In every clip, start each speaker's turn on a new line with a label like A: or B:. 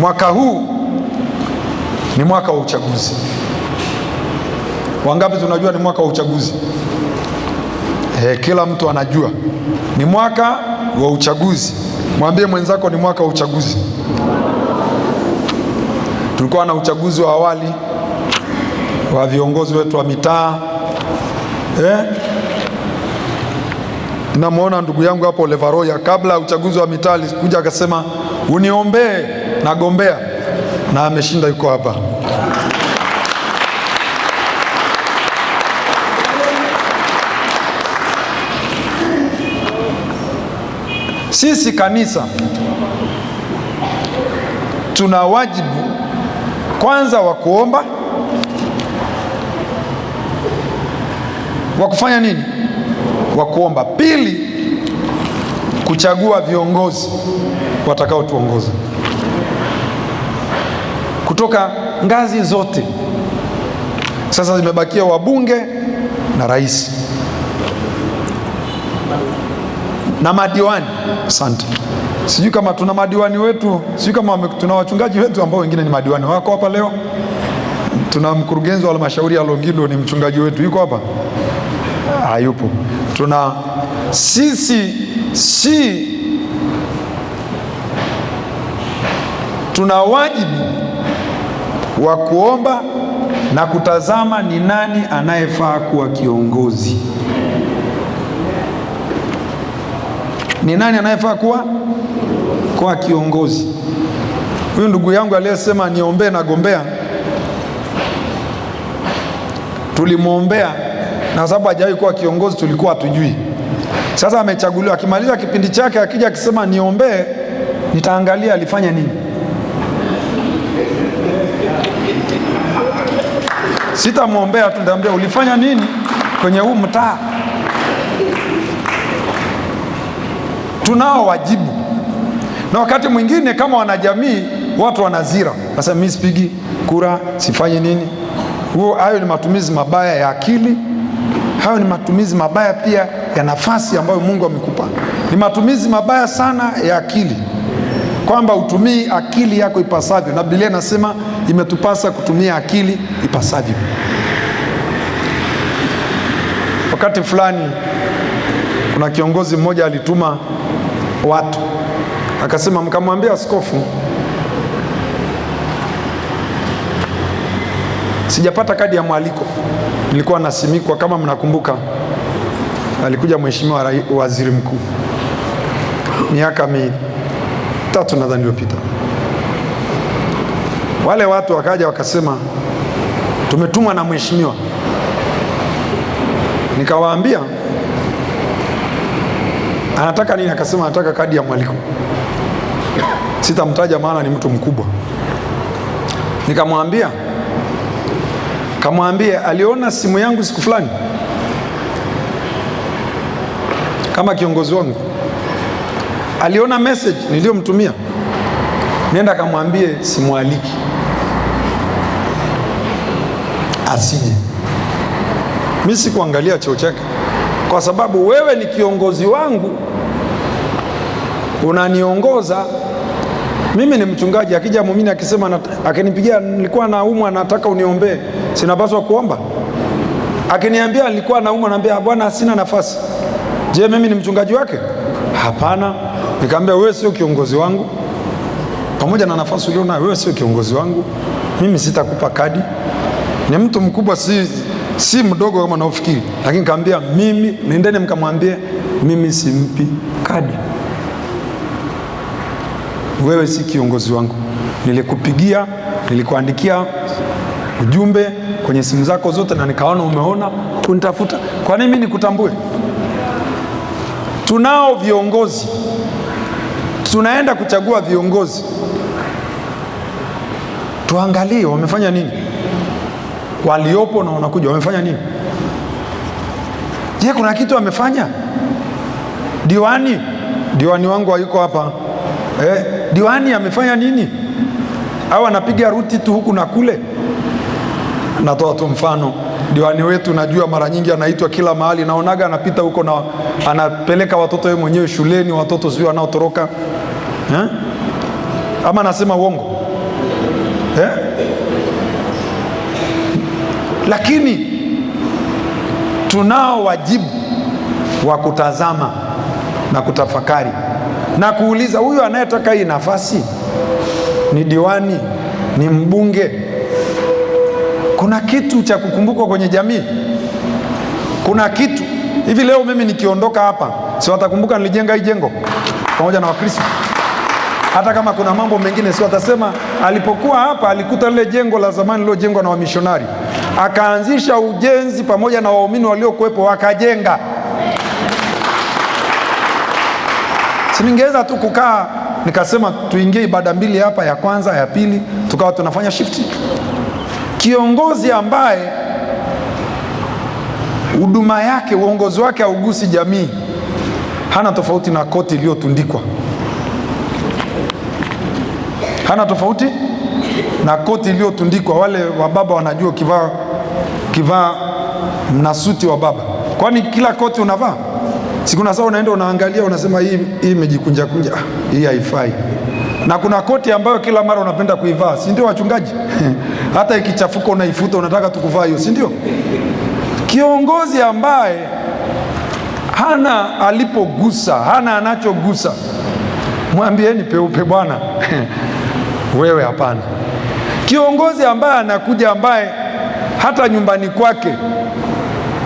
A: Mwaka huu ni mwaka wa uchaguzi. Wangapi tunajua ni mwaka wa uchaguzi? E, kila mtu anajua ni mwaka wa uchaguzi. Mwambie mwenzako ni mwaka wa uchaguzi. Tulikuwa na uchaguzi wa awali wa viongozi wetu wa mitaa e? Eh? Namwona ndugu yangu hapo Levaroya, kabla ya uchaguzi wa mitaa alikuja akasema uniombee, nagombea na ameshinda, yuko hapa. Sisi kanisa tuna wajibu kwanza wa kuomba, wa kufanya nini? Wa kuomba. Pili, kuchagua viongozi watakaotuongoza kutoka ngazi zote. Sasa zimebakia wabunge na rais na madiwani. Asante. Sijui kama tuna madiwani wetu, sijui kama tuna wachungaji wetu ambao wengine ni madiwani wako hapa leo. Tuna mkurugenzi wa halmashauri ya Longido ni mchungaji wetu, yuko hapa? Hayupo. Tuna sisi si tuna wajibu wa kuomba na kutazama ni nani anayefaa kuwa kiongozi, ni nani anayefaa kuwa kwa kiongozi. Huyu ndugu yangu aliyesema niombee na gombea, tulimwombea na sababu hajawahi kuwa kiongozi, tulikuwa hatujui sasa amechaguliwa, akimaliza kipindi chake akija akisema niombee, nitaangalia alifanya nini. Sitamwombea tu, nitamwambia ulifanya nini kwenye huu mtaa. Tunao wajibu, na wakati mwingine kama wanajamii watu wanazira, sasa mimi sipigi kura, sifanye nini. Huo hayo ni matumizi mabaya ya akili, hayo ni matumizi mabaya pia ya nafasi ambayo Mungu amekupa. Ni matumizi mabaya sana ya akili, kwamba utumii akili yako ipasavyo, na Biblia inasema imetupasa kutumia akili ipasavyo. Wakati fulani kuna kiongozi mmoja alituma watu akasema, mkamwambia askofu, sijapata kadi ya mwaliko, nilikuwa nasimikwa kama mnakumbuka alikuja mheshimiwa waziri mkuu miaka mitatu nadhani iliyopita, wale watu wakaja wakasema tumetumwa na mheshimiwa. Nikawaambia anataka nini? Akasema anataka kadi ya mwaliko. Sitamtaja maana ni mtu mkubwa. Nikamwambia kamwambie aliona simu yangu siku fulani kama kiongozi wangu aliona message niliyomtumia, nenda akamwambie simwaliki asije. Mimi sikuangalia cheo chake, kwa sababu wewe ni kiongozi wangu, unaniongoza mimi ni mchungaji. Akija muumini akisema, akinipigia nilikuwa naumwa, nataka uniombee, sinapaswa kuomba? Akiniambia nilikuwa naumwa, naambia Bwana, sina nafasi Je, mimi ni mchungaji wake? Hapana. Nikamwambia wewe sio kiongozi wangu, pamoja na nafasi ulionayo, wewe sio kiongozi wangu, mimi sitakupa kadi. Ni mtu mkubwa, si, si mdogo kama naofikiri, lakini kaambia mimi, nendeni mkamwambie mimi simpi kadi, wewe si kiongozi wangu. Nilikupigia, nilikuandikia ujumbe kwenye simu zako zote na nikaona umeona kunitafuta. Kwa nini mimi nikutambue? tunao viongozi, tunaenda kuchagua viongozi, tuangalie wamefanya nini, waliopo na wanakuja wamefanya nini. Je, kuna kitu amefanya diwani? Diwani wangu hayuko hapa eh, diwani amefanya nini? Au anapiga ruti tu huku na kule? Natoa tu mfano diwani wetu najua mara nyingi anaitwa kila mahali, naonaga anapita huko na anapeleka watoto yeye mwenyewe shuleni, watoto sio wanaotoroka eh? Ama anasema uongo eh? Lakini tunao wajibu wa kutazama na kutafakari na kuuliza, huyu anayetaka hii nafasi ni diwani, ni mbunge kuna kitu cha kukumbukwa kwenye jamii, kuna kitu hivi. Leo mimi nikiondoka hapa, si watakumbuka nilijenga hii jengo pamoja na Wakristo hata kama kuna mambo mengine sio, atasema alipokuwa hapa alikuta lile jengo la zamani lilojengwa na wamishonari, akaanzisha ujenzi pamoja na waumini waliokuwepo wakajenga. Si ningeweza tu kukaa nikasema tuingie ibada mbili hapa, ya kwanza ya pili, tukawa tunafanya shifti. Kiongozi ambaye huduma yake, uongozi wake haugusi jamii, hana tofauti na koti iliyotundikwa, hana tofauti na koti iliyotundikwa. Wale wababa wanajua, kivaa kivaa na suti wa baba, kwani kila koti unavaa? siku na saa unaenda unaangalia, unasema hii hii kunja ah, hii haifai na kuna koti ambayo kila mara unapenda kuivaa, si ndio wachungaji? hata ikichafuka unaifuta, unataka tukuvaa hiyo, si ndio? Kiongozi ambaye hana alipogusa, hana anachogusa, mwambieni peupe bwana, wewe hapana. Kiongozi ambaye anakuja, ambaye hata nyumbani kwake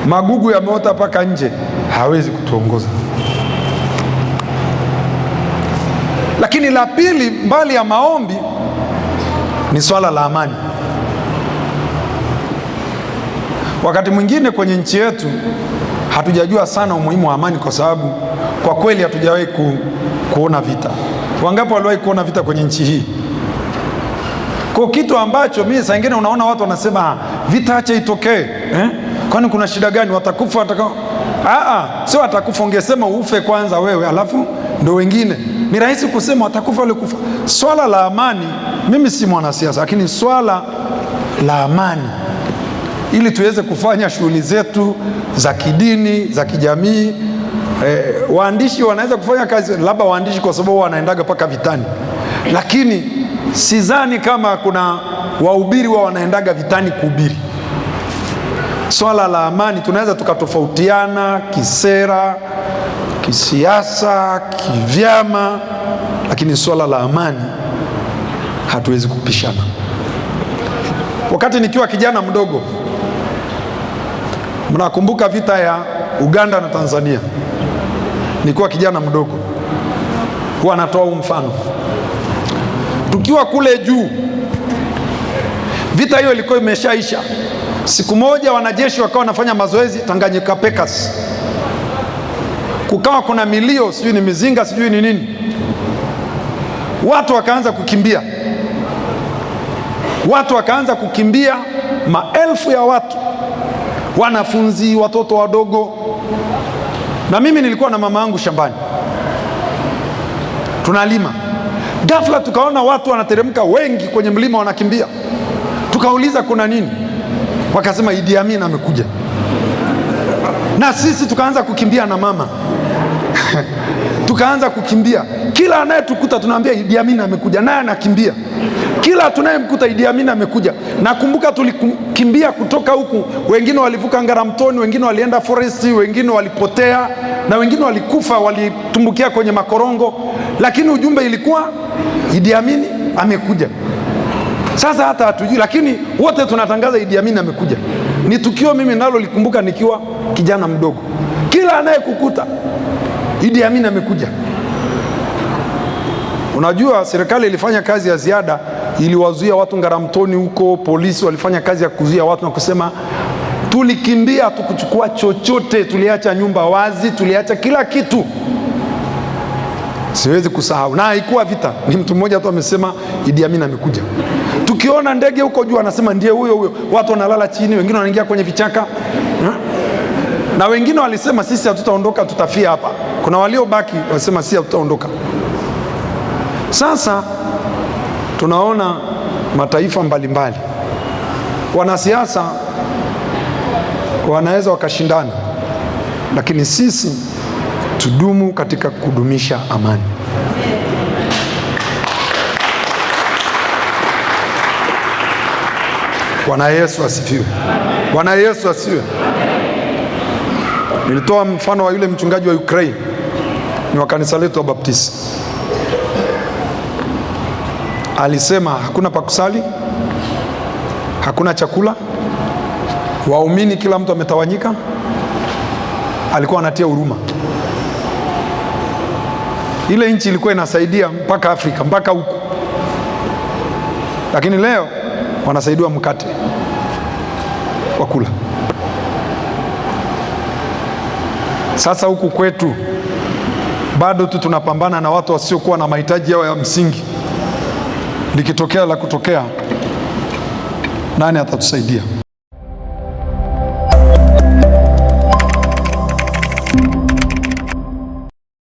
A: magugu yameota mpaka nje, hawezi kutuongoza. la pili mbali ya maombi ni swala la amani. Wakati mwingine kwenye nchi yetu hatujajua sana umuhimu wa amani, kwa sababu kwa kweli hatujawahi ku, kuona vita. Wangapi waliwahi kuona vita kwenye nchi hii? Kwa kitu ambacho mimi saa ingine unaona watu wanasema ah, vita acha itokee eh? Kwani kuna shida gani? Watakufa wataka... Ah, ah, sio watakufa, ungesema ufe kwanza wewe, alafu ndo wengine ni rahisi kusema watakufa walikufa. Swala la amani, mimi si mwanasiasa, lakini swala la amani ili tuweze kufanya shughuli zetu za kidini za kijamii. E, waandishi wanaweza kufanya kazi, labda waandishi kwa sababu wanaendaga mpaka vitani, lakini sidhani kama kuna wahubiri wa wanaendaga vitani kuhubiri swala la amani. Tunaweza tukatofautiana kisera kisiasa, kivyama, lakini swala la amani hatuwezi kupishana. Wakati nikiwa kijana mdogo, mnakumbuka vita ya Uganda na Tanzania. Nikiwa kijana mdogo, huwa natoa huu mfano. Tukiwa kule juu, vita hiyo ilikuwa imeshaisha. Siku moja wanajeshi wakawa wanafanya mazoezi Tanganyika Pekas, kukawa kuna milio, sijui ni mizinga, sijui ni nini, watu wakaanza kukimbia, watu wakaanza kukimbia, maelfu ya watu, wanafunzi, watoto wadogo. Na mimi nilikuwa na mama yangu shambani, tunalima. Ghafla tukaona watu wanateremka wengi kwenye mlima, wanakimbia. Tukauliza kuna nini? Wakasema Idi Amin amekuja na sisi tukaanza kukimbia na mama tukaanza kukimbia. Kila anayetukuta tunaambia Idi Amin amekuja, naye anakimbia. Kila tunayemkuta Idi Amin amekuja. Nakumbuka tulikimbia kutoka huku, wengine walivuka Ngaramtoni, wengine walienda foresti, wengine walipotea na wengine walikufa, walitumbukia kwenye makorongo, lakini ujumbe ilikuwa Idi Amin amekuja. Sasa hata hatujui, lakini wote tunatangaza Idi Amin amekuja. Ni tukio mimi nalolikumbuka nikiwa kijana mdogo, kila anayekukuta Idi Amin amekuja. Unajua, serikali ilifanya kazi ya ziada, iliwazuia watu Ngaramtoni huko, polisi walifanya kazi ya kuzuia watu na kusema tulikimbia, tukuchukua chochote, tuliacha nyumba wazi, tuliacha kila kitu. Siwezi kusahau, na haikuwa vita, ni mtu mmoja tu amesema Idi Amin amekuja. Ukiona ndege huko juu, anasema ndiye huyo huyo. Watu wanalala chini, wengine wanaingia kwenye vichaka ha? na wengine walisema sisi hatutaondoka, tutafia hapa. Kuna waliobaki walisema sisi hatutaondoka. Sasa tunaona mataifa mbalimbali mbali. Wanasiasa wanaweza wakashindana, lakini sisi tudumu katika kudumisha amani. Bwana Yesu asifiwe. Bwana Yesu asifiwe. Nilitoa mfano wa yule mchungaji wa Ukraine, ni wa kanisa letu wa Baptisti. Alisema hakuna pakusali, hakuna chakula, waumini kila mtu ametawanyika. Alikuwa anatia huruma. Ile nchi ilikuwa inasaidia mpaka Afrika mpaka huko, lakini leo wanasaidiwa mkate wa kula. Sasa huku kwetu bado tu tunapambana na watu wasiokuwa na mahitaji yao ya msingi. Likitokea la kutokea, nani atatusaidia?